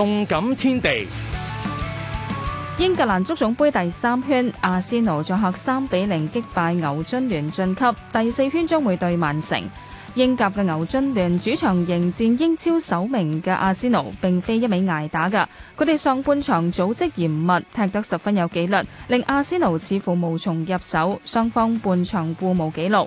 動感天地，英格蘭足總盃第三圈，阿仙奴作客三比零擊敗牛津聯晉級。第四圈將會對曼城。英甲嘅牛津聯主場迎戰英超首名嘅阿仙奴，並非一味捱打噶。佢哋上半場組織嚴密，踢得十分有紀律，令阿仙奴似乎無從入手。雙方半場互無紀錄。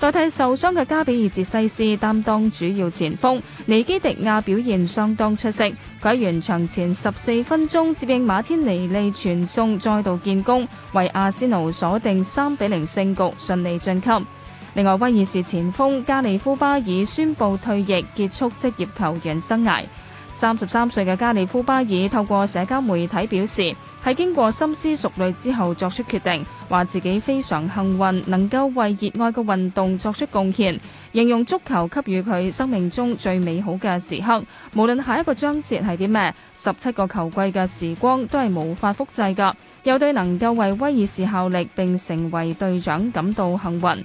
代替受傷嘅加比爾捷西斯擔當主要前鋒，尼基迪亞表現相當出色。佢喺完場前十四分鐘接應馬天尼利傳送，再度建功，為阿仙奴鎖定三比零勝局，順利晉級。另外，威爾士前鋒加利夫巴爾宣布退役，結束職業球員生涯。三十三歲嘅加利夫巴爾透過社交媒體表示，喺經過深思熟慮之後作出決定，話自己非常幸運能夠為熱愛嘅運動作出貢獻，形容足球給予佢生命中最美好嘅時刻。無論下一個章節係啲咩，十七個球季嘅時光都係無法複製㗎。又對能夠為威爾士效力並成為隊長感到幸運。